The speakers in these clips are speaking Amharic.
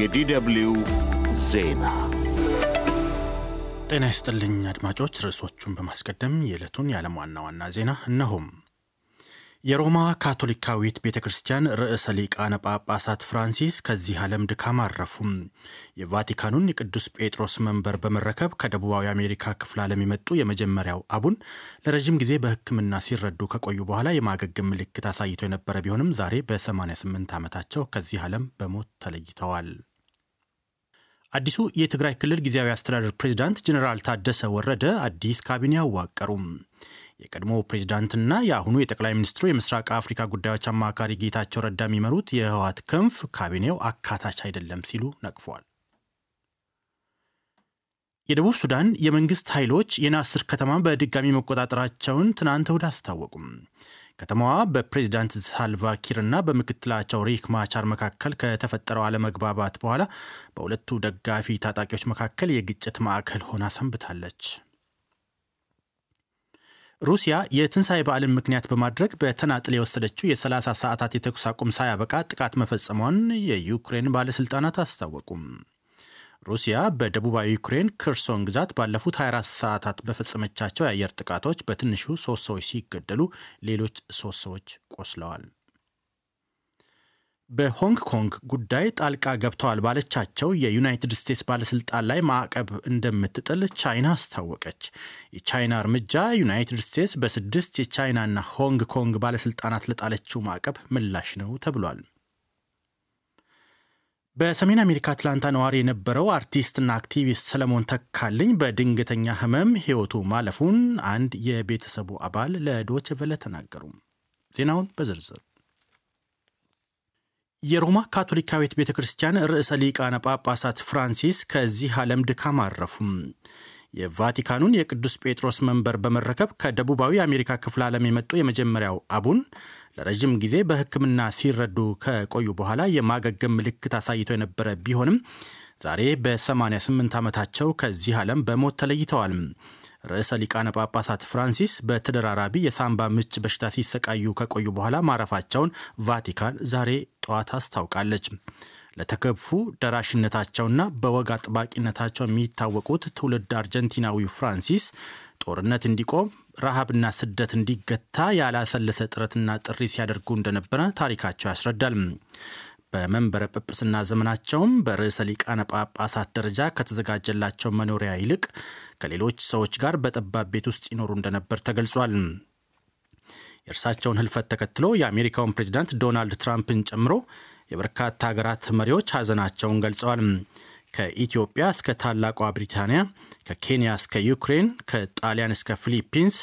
የዲደብሊው ዜና ጤና ይስጥልኝ አድማጮች። ርዕሶቹን በማስቀደም የዕለቱን የዓለም ዋና ዋና ዜና እነሆም የሮማ ካቶሊካዊት ቤተ ክርስቲያን ርዕሰ ሊቃነ ጳጳሳት ፍራንሲስ ከዚህ ዓለም ድካም አረፉም። የቫቲካኑን የቅዱስ ጴጥሮስ መንበር በመረከብ ከደቡባዊ አሜሪካ ክፍለ ዓለም የመጡ የመጀመሪያው አቡን ለረዥም ጊዜ በሕክምና ሲረዱ ከቆዩ በኋላ የማገገም ምልክት አሳይቶ የነበረ ቢሆንም ዛሬ በ88 ዓመታቸው ከዚህ ዓለም በሞት ተለይተዋል። አዲሱ የትግራይ ክልል ጊዜያዊ አስተዳደር ፕሬዚዳንት ጀኔራል ታደሰ ወረደ አዲስ ካቢኔ አዋቀሩም። የቀድሞ ፕሬዚዳንትና የአሁኑ የጠቅላይ ሚኒስትሩ የምስራቅ አፍሪካ ጉዳዮች አማካሪ ጌታቸው ረዳ የሚመሩት የህወሀት ክንፍ ካቢኔው አካታች አይደለም ሲሉ ነቅፏል። የደቡብ ሱዳን የመንግስት ኃይሎች የናስር ከተማ በድጋሚ መቆጣጠራቸውን ትናንት እሁድ አስታወቁም። ከተማዋ በፕሬዚዳንት ሳልቫ ኪርና በምክትላቸው ሪክ ማቻር መካከል ከተፈጠረው አለመግባባት በኋላ በሁለቱ ደጋፊ ታጣቂዎች መካከል የግጭት ማዕከል ሆና ሰንብታለች። ሩሲያ የትንሣኤ በዓልን ምክንያት በማድረግ በተናጥል የወሰደችው የ30 ሰዓታት የተኩስ አቁም ሳያበቃ ጥቃት መፈጸሟን የዩክሬን ባለሥልጣናት አስታወቁም። ሩሲያ በደቡባዊ ዩክሬን ክርሶን ግዛት ባለፉት 24 ሰዓታት በፈጸመቻቸው የአየር ጥቃቶች በትንሹ ሶስት ሰዎች ሲገደሉ ሌሎች ሶስት ሰዎች ቆስለዋል። በሆንግ ኮንግ ጉዳይ ጣልቃ ገብተዋል ባለቻቸው የዩናይትድ ስቴትስ ባለስልጣን ላይ ማዕቀብ እንደምትጥል ቻይና አስታወቀች። የቻይና እርምጃ ዩናይትድ ስቴትስ በስድስት የቻይናና ሆንግ ኮንግ ባለስልጣናት ለጣለችው ማዕቀብ ምላሽ ነው ተብሏል። በሰሜን አሜሪካ አትላንታ ነዋሪ የነበረው አርቲስትና አክቲቪስት ሰለሞን ተካልኝ በድንገተኛ ሕመም ሕይወቱ ማለፉን አንድ የቤተሰቡ አባል ለዶችቨለ ተናገሩ። ዜናውን በዝርዝር የሮማ ካቶሊካዊት ቤተ ክርስቲያን ርዕሰ ሊቃነ ጳጳሳት ፍራንሲስ ከዚህ ዓለም ድካም አረፉም። የቫቲካኑን የቅዱስ ጴጥሮስ መንበር በመረከብ ከደቡባዊ አሜሪካ ክፍለ ዓለም የመጡ የመጀመሪያው አቡን ለረዥም ጊዜ በሕክምና ሲረዱ ከቆዩ በኋላ የማገገም ምልክት አሳይቶ የነበረ ቢሆንም ዛሬ በ88 ዓመታቸው ከዚህ ዓለም በሞት ተለይተዋል። ርዕሰ ሊቃነ ጳጳሳት ፍራንሲስ በተደራራቢ የሳምባ ምች በሽታ ሲሰቃዩ ከቆዩ በኋላ ማረፋቸውን ቫቲካን ዛሬ ጠዋት አስታውቃለች። ለተከፉ ደራሽነታቸውና በወግ አጥባቂነታቸው የሚታወቁት ትውልድ አርጀንቲናዊው ፍራንሲስ ጦርነት እንዲቆም ረሃብና ስደት እንዲገታ ያላሰለሰ ጥረትና ጥሪ ሲያደርጉ እንደነበረ ታሪካቸው ያስረዳል። በመንበረ ጵጵስና ዘመናቸውም በርዕሰ ሊቃነ ጳጳሳት ደረጃ ከተዘጋጀላቸው መኖሪያ ይልቅ ከሌሎች ሰዎች ጋር በጠባብ ቤት ውስጥ ይኖሩ እንደነበር ተገልጿል። የእርሳቸውን ህልፈት ተከትሎ የአሜሪካውን ፕሬዚዳንት ዶናልድ ትራምፕን ጨምሮ የበርካታ ሀገራት መሪዎች ሀዘናቸውን ገልጸዋል። ከኢትዮጵያ እስከ ታላቋ ብሪታንያ፣ ከኬንያ እስከ ዩክሬን፣ ከጣሊያን እስከ ፊሊፒንስ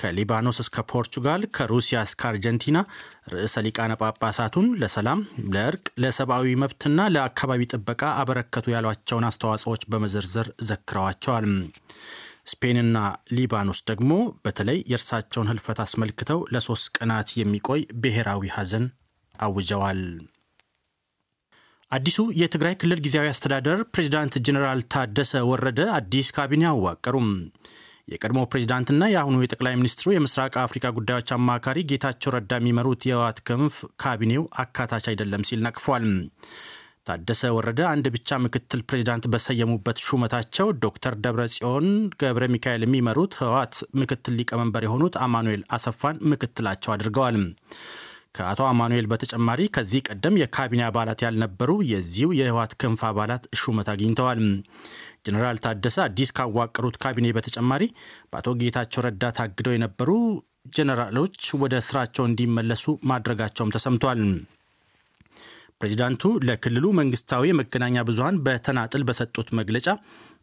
ከሊባኖስ እስከ ፖርቹጋል፣ ከሩሲያ እስከ አርጀንቲና ርዕሰ ሊቃነ ጳጳሳቱን ለሰላም፣ ለእርቅ፣ ለሰብአዊ መብትና ለአካባቢ ጥበቃ አበረከቱ ያሏቸውን አስተዋጽኦዎች በመዘርዘር ዘክረዋቸዋል። ስፔንና ሊባኖስ ደግሞ በተለይ የእርሳቸውን ህልፈት አስመልክተው ለሶስት ቀናት የሚቆይ ብሔራዊ ሐዘን አውጀዋል። አዲሱ የትግራይ ክልል ጊዜያዊ አስተዳደር ፕሬዚዳንት ጀኔራል ታደሰ ወረደ አዲስ ካቢኔ አዋቀሩም። የቀድሞ ፕሬዚዳንትና የአሁኑ የጠቅላይ ሚኒስትሩ የምስራቅ አፍሪካ ጉዳዮች አማካሪ ጌታቸው ረዳ የሚመሩት የህወሓት ክንፍ ካቢኔው አካታች አይደለም ሲል ነቅፏል። ታደሰ ወረደ አንድ ብቻ ምክትል ፕሬዚዳንት በሰየሙበት ሹመታቸው ዶክተር ደብረጽዮን ገብረ ሚካኤል የሚመሩት ህወሓት ምክትል ሊቀመንበር የሆኑት አማኑኤል አሰፋን ምክትላቸው አድርገዋል። ከአቶ አማኑኤል በተጨማሪ ከዚህ ቀደም የካቢኔ አባላት ያልነበሩ የዚሁ የህወሓት ክንፍ አባላት ሹመት አግኝተዋል። ጀኔራል ታደሰ አዲስ ካዋቀሩት ካቢኔ በተጨማሪ በአቶ ጌታቸው ረዳ ታግደው የነበሩ ጀኔራሎች ወደ ስራቸው እንዲመለሱ ማድረጋቸውም ተሰምቷል። ፕሬዚዳንቱ ለክልሉ መንግስታዊ የመገናኛ ብዙሀን በተናጥል በሰጡት መግለጫ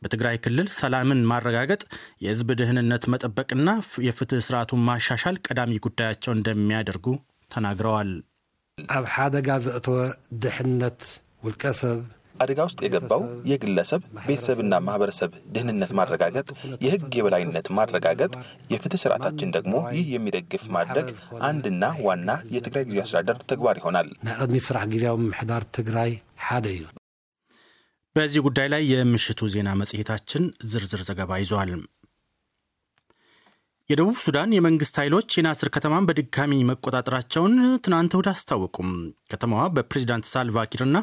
በትግራይ ክልል ሰላምን ማረጋገጥ፣ የህዝብ ደህንነት መጠበቅና የፍትህ ስርዓቱን ማሻሻል ቀዳሚ ጉዳያቸው እንደሚያደርጉ ተናግረዋል። ኣብ ሓደጋ ዘእተወ ድሕነት ውልቀ ሰብ አደጋ ውስጥ የገባው የግለሰብ ቤተሰብና ማህበረሰብ ደህንነት ማረጋገጥ፣ የህግ የበላይነት ማረጋገጥ፣ የፍትህ ስርዓታችን ደግሞ ይህ የሚደግፍ ማድረግ አንድና ዋና የትግራይ ጊዜ አስተዳደር ተግባር ይሆናል። ናይ ቅድሚት ስራሕ ጊዜያዊ ምሕዳር ትግራይ ሓደ እዩ። በዚህ ጉዳይ ላይ የምሽቱ ዜና መጽሔታችን ዝርዝር ዘገባ ይዟል። የደቡብ ሱዳን የመንግስት ኃይሎች የናስር ከተማን በድጋሚ መቆጣጠራቸውን ትናንት እሁድ አስታወቁም። ከተማዋ በፕሬዚዳንት ሳልቫኪርና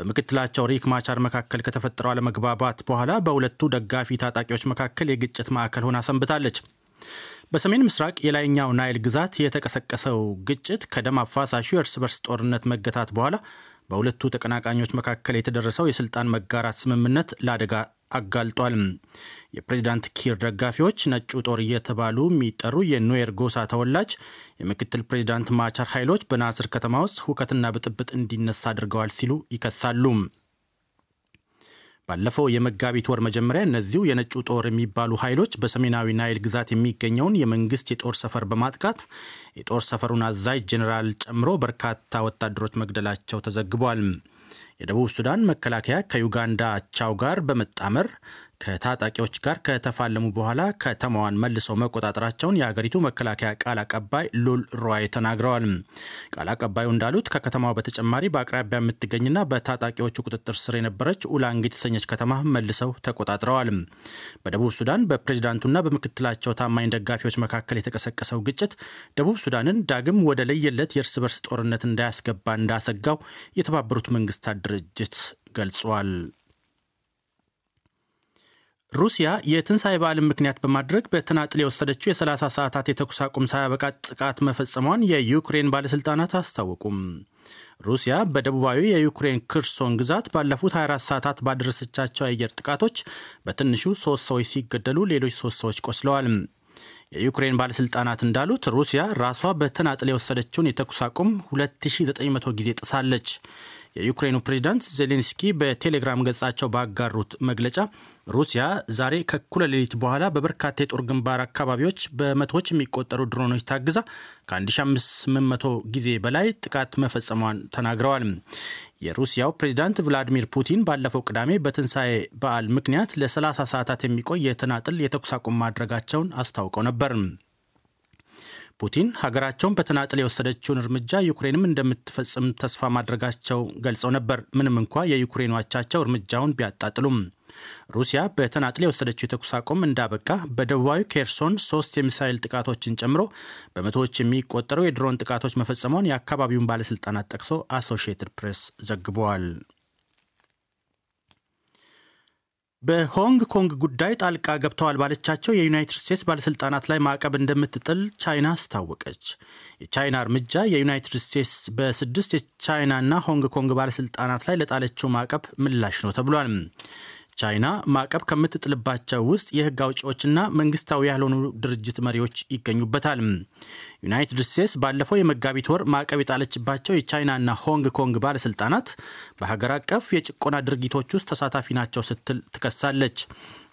በምክትላቸው ሪክ ማቻር መካከል ከተፈጠረው አለመግባባት በኋላ በሁለቱ ደጋፊ ታጣቂዎች መካከል የግጭት ማዕከል ሆና ሰንብታለች። በሰሜን ምስራቅ የላይኛው ናይል ግዛት የተቀሰቀሰው ግጭት ከደም አፋሳሹ የእርስ በርስ ጦርነት መገታት በኋላ በሁለቱ ተቀናቃኞች መካከል የተደረሰው የስልጣን መጋራት ስምምነት ለአደጋ አጋልጧል። የፕሬዚዳንት ኪር ደጋፊዎች ነጩ ጦር እየተባሉ የሚጠሩ የኑዌር ጎሳ ተወላጅ የምክትል ፕሬዚዳንት ማቻር ኃይሎች በናስር ከተማ ውስጥ ሁከትና ብጥብጥ እንዲነሳ አድርገዋል ሲሉ ይከሳሉ። ባለፈው የመጋቢት ወር መጀመሪያ እነዚሁ የነጩ ጦር የሚባሉ ኃይሎች በሰሜናዊ ናይል ግዛት የሚገኘውን የመንግስት የጦር ሰፈር በማጥቃት የጦር ሰፈሩን አዛዥ ጄኔራል ጨምሮ በርካታ ወታደሮች መግደላቸው ተዘግቧል። የደቡብ ሱዳን መከላከያ ከዩጋንዳ አቻው ጋር በመጣመር ከታጣቂዎች ጋር ከተፋለሙ በኋላ ከተማዋን መልሰው መቆጣጠራቸውን የሀገሪቱ መከላከያ ቃል አቀባይ ሉል ሮይ ተናግረዋል። ቃል አቀባዩ እንዳሉት ከከተማው በተጨማሪ በአቅራቢያ የምትገኝና በታጣቂዎቹ ቁጥጥር ስር የነበረች ኡላንግ የተሰኘች ከተማ መልሰው ተቆጣጥረዋል። በደቡብ ሱዳን በፕሬዚዳንቱና በምክትላቸው ታማኝ ደጋፊዎች መካከል የተቀሰቀሰው ግጭት ደቡብ ሱዳንን ዳግም ወደ ለየለት የእርስ በርስ ጦርነት እንዳያስገባ እንዳሰጋው የተባበሩት መንግስታት ድርጅት ገልጿል። ሩሲያ የትንሣኤ በዓልን ምክንያት በማድረግ በተናጥል የወሰደችው የ30 ሰዓታት የተኩስ አቁም ሳያበቃ ጥቃት መፈጸሟን የዩክሬን ባለሥልጣናት አስታወቁም። ሩሲያ በደቡባዊ የዩክሬን ክርሶን ግዛት ባለፉት 24 ሰዓታት ባደረሰቻቸው የአየር ጥቃቶች በትንሹ ሶስት ሰዎች ሲገደሉ ሌሎች ሶስት ሰዎች ቆስለዋል። የዩክሬን ባለሥልጣናት እንዳሉት ሩሲያ ራሷ በተናጥል የወሰደችውን የተኩስ አቁም 2900 ጊዜ ጥሳለች። የዩክሬኑ ፕሬዚዳንት ዜሌንስኪ በቴሌግራም ገጻቸው ባጋሩት መግለጫ ሩሲያ ዛሬ ከኩለ ሌሊት በኋላ በበርካታ የጦር ግንባር አካባቢዎች በመቶዎች የሚቆጠሩ ድሮኖች ታግዛ ከ1500 ጊዜ በላይ ጥቃት መፈጸሟን ተናግረዋል። የሩሲያው ፕሬዚዳንት ቭላዲሚር ፑቲን ባለፈው ቅዳሜ በትንሣኤ በዓል ምክንያት ለ30 ሰዓታት የሚቆይ የተናጥል የተኩስ አቁም ማድረጋቸውን አስታውቀው ነበር። ፑቲን ሀገራቸውን በተናጥል የወሰደችውን እርምጃ ዩክሬንም እንደምትፈጽም ተስፋ ማድረጋቸው ገልጸው ነበር። ምንም እንኳ የዩክሬኑ አቻቸው እርምጃውን ቢያጣጥሉም ሩሲያ በተናጥል የወሰደችው የተኩስ አቁም እንዳበቃ በደቡባዊ ኬርሶን ሶስት የሚሳይል ጥቃቶችን ጨምሮ በመቶዎች የሚቆጠሩ የድሮን ጥቃቶች መፈጸሟን የአካባቢውን ባለስልጣናት ጠቅሶ አሶሺየትድ ፕሬስ ዘግበዋል። በሆንግ ኮንግ ጉዳይ ጣልቃ ገብተዋል ባለቻቸው የዩናይትድ ስቴትስ ባለሥልጣናት ላይ ማዕቀብ እንደምትጥል ቻይና አስታወቀች። የቻይና እርምጃ የዩናይትድ ስቴትስ በስድስት የቻይናና ሆንግ ኮንግ ባለሥልጣናት ላይ ለጣለችው ማዕቀብ ምላሽ ነው ተብሏል። ቻይና ማዕቀብ ከምትጥልባቸው ውስጥ የህግ አውጪዎችና መንግስታዊ ያልሆኑ ድርጅት መሪዎች ይገኙበታል። ዩናይትድ ስቴትስ ባለፈው የመጋቢት ወር ማዕቀብ የጣለችባቸው የቻይናና ሆንግ ኮንግ ባለስልጣናት በሀገር አቀፍ የጭቆና ድርጊቶች ውስጥ ተሳታፊ ናቸው ስትል ትከሳለች።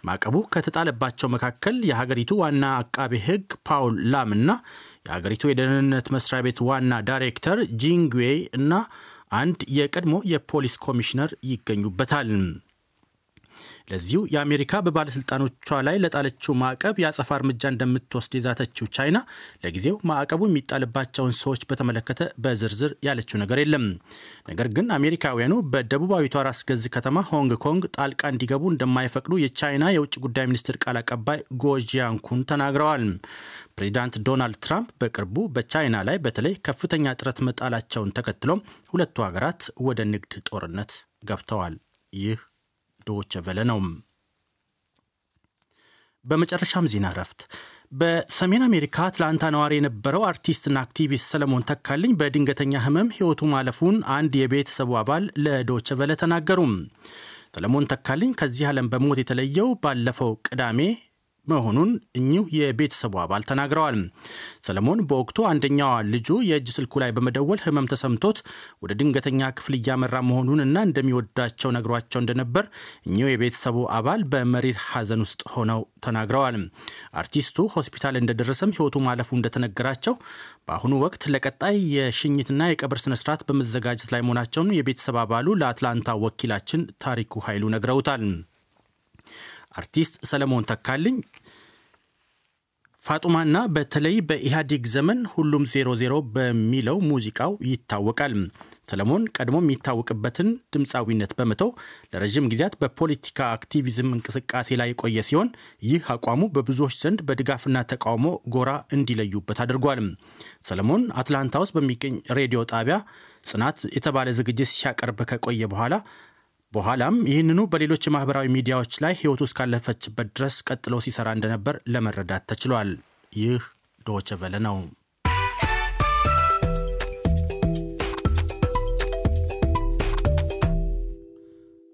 ማዕቀቡ ከተጣለባቸው መካከል የሀገሪቱ ዋና አቃቤ ህግ ፓውል ላም እና የሀገሪቱ የደህንነት መስሪያ ቤት ዋና ዳይሬክተር ጂንግዌይ እና አንድ የቀድሞ የፖሊስ ኮሚሽነር ይገኙበታል። ለዚሁ የአሜሪካ በባለስልጣኖቿ ላይ ለጣለችው ማዕቀብ የአጸፋ እርምጃ እንደምትወስድ የዛተችው ቻይና ለጊዜው ማዕቀቡ የሚጣልባቸውን ሰዎች በተመለከተ በዝርዝር ያለችው ነገር የለም። ነገር ግን አሜሪካውያኑ በደቡባዊቷ ራስ ገዝ ከተማ ሆንግ ኮንግ ጣልቃ እንዲገቡ እንደማይፈቅዱ የቻይና የውጭ ጉዳይ ሚኒስትር ቃል አቀባይ ጎጂያንኩን ተናግረዋል። ፕሬዚዳንት ዶናልድ ትራምፕ በቅርቡ በቻይና ላይ በተለይ ከፍተኛ ጥረት መጣላቸውን ተከትሎም ሁለቱ ሀገራት ወደ ንግድ ጦርነት ገብተዋል። ይህ ቨለ ነው። በመጨረሻም ዜና እረፍት። በሰሜን አሜሪካ አትላንታ ነዋሪ የነበረው አርቲስትና አክቲቪስት ሰለሞን ተካልኝ በድንገተኛ ሕመም ሕይወቱ ማለፉን አንድ የቤተሰቡ አባል ለዶቸ ቨለ ተናገሩም። ሰለሞን ተካልኝ ከዚህ ዓለም በሞት የተለየው ባለፈው ቅዳሜ መሆኑን እኚሁ የቤተሰቡ አባል ተናግረዋል። ሰለሞን በወቅቱ አንደኛዋ ልጁ የእጅ ስልኩ ላይ በመደወል ህመም ተሰምቶት ወደ ድንገተኛ ክፍል እያመራ እና እንደሚወዳቸው ነግሯቸው እንደነበር እኚሁ የቤተሰቡ አባል በመሪር ሐዘን ውስጥ ሆነው ተናግረዋል። አርቲስቱ ሆስፒታል እንደደረሰም ህይወቱ ማለፉ እንደተነገራቸው በአሁኑ ወቅት ለቀጣይ የሽኝትና የቀብር ስነስርዓት በመዘጋጀት ላይ መሆናቸውን የቤተሰብ አባሉ ለአትላንታ ወኪላችን ታሪኩ ኃይሉ ነግረውታል። አርቲስት ሰለሞን ተካልኝ ፋጡማና በተለይ በኢህአዴግ ዘመን ሁሉም ዜሮ ዜሮ በሚለው ሙዚቃው ይታወቃል። ሰለሞን ቀድሞም የሚታወቅበትን ድምፃዊነት በመተው ለረዥም ጊዜያት በፖለቲካ አክቲቪዝም እንቅስቃሴ ላይ የቆየ ሲሆን ይህ አቋሙ በብዙዎች ዘንድ በድጋፍና ተቃውሞ ጎራ እንዲለዩበት አድርጓል። ሰለሞን አትላንታ ውስጥ በሚገኝ ሬዲዮ ጣቢያ ጽናት የተባለ ዝግጅት ሲያቀርብ ከቆየ በኋላ በኋላም ይህንኑ በሌሎች የማህበራዊ ሚዲያዎች ላይ ህይወቱ እስካለፈችበት ድረስ ቀጥሎ ሲሰራ እንደነበር ለመረዳት ተችሏል። ይህ ዶቼ ቬለ ነው።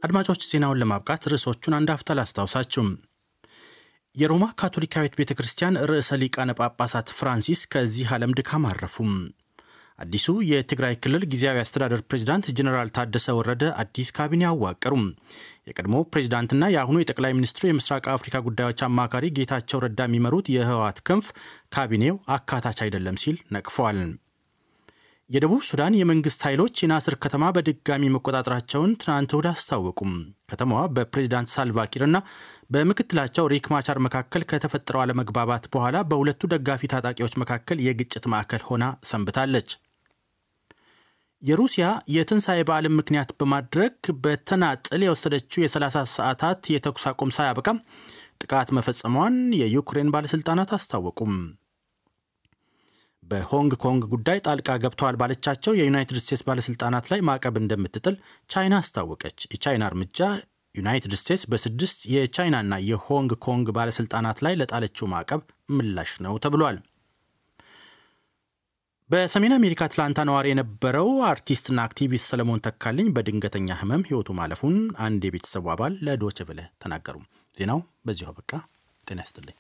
አድማጮች፣ ዜናውን ለማብቃት ርዕሶቹን አንድ አፍታ አስታውሳችሁ የሮማ ካቶሊካዊት ቤተ ክርስቲያን ርዕሰ ሊቃነ ጳጳሳት ፍራንሲስ ከዚህ ዓለም ድካም አረፉም። አዲሱ የትግራይ ክልል ጊዜያዊ አስተዳደር ፕሬዚዳንት ጀኔራል ታደሰ ወረደ አዲስ ካቢኔ አዋቀሩም። የቀድሞ ፕሬዚዳንትና የአሁኑ የጠቅላይ ሚኒስትሩ የምስራቅ አፍሪካ ጉዳዮች አማካሪ ጌታቸው ረዳ የሚመሩት የህወሓት ክንፍ ካቢኔው አካታች አይደለም ሲል ነቅፏል። የደቡብ ሱዳን የመንግስት ኃይሎች የናስር ከተማ በድጋሚ መቆጣጠራቸውን ትናንት እሁድ አስታወቁም። ከተማዋ በፕሬዚዳንት ሳልቫኪርና በምክትላቸው ሪክ ማቻር መካከል ከተፈጠረው አለመግባባት በኋላ በሁለቱ ደጋፊ ታጣቂዎች መካከል የግጭት ማዕከል ሆና ሰንብታለች። የሩሲያ የትንሣኤ በዓልን ምክንያት በማድረግ በተናጥል የወሰደችው የ30 ሰዓታት የተኩስ አቁም ሳያበቃ ጥቃት መፈጸሟን የዩክሬን ባለሥልጣናት አስታወቁም። በሆንግ ኮንግ ጉዳይ ጣልቃ ገብተዋል ባለቻቸው የዩናይትድ ስቴትስ ባለሥልጣናት ላይ ማዕቀብ እንደምትጥል ቻይና አስታወቀች። የቻይና እርምጃ ዩናይትድ ስቴትስ በስድስት የቻይናና የሆንግ ኮንግ ባለሥልጣናት ላይ ለጣለችው ማዕቀብ ምላሽ ነው ተብሏል። በሰሜን አሜሪካ አትላንታ ነዋሪ የነበረው አርቲስትና አክቲቪስት ሰለሞን ተካልኝ በድንገተኛ ህመም ህይወቱ ማለፉን አንድ የቤተሰቡ አባል ለዶችቭለ ተናገሩ። ዜናው በዚሁ አበቃ። ጤና ይስጥልኝ።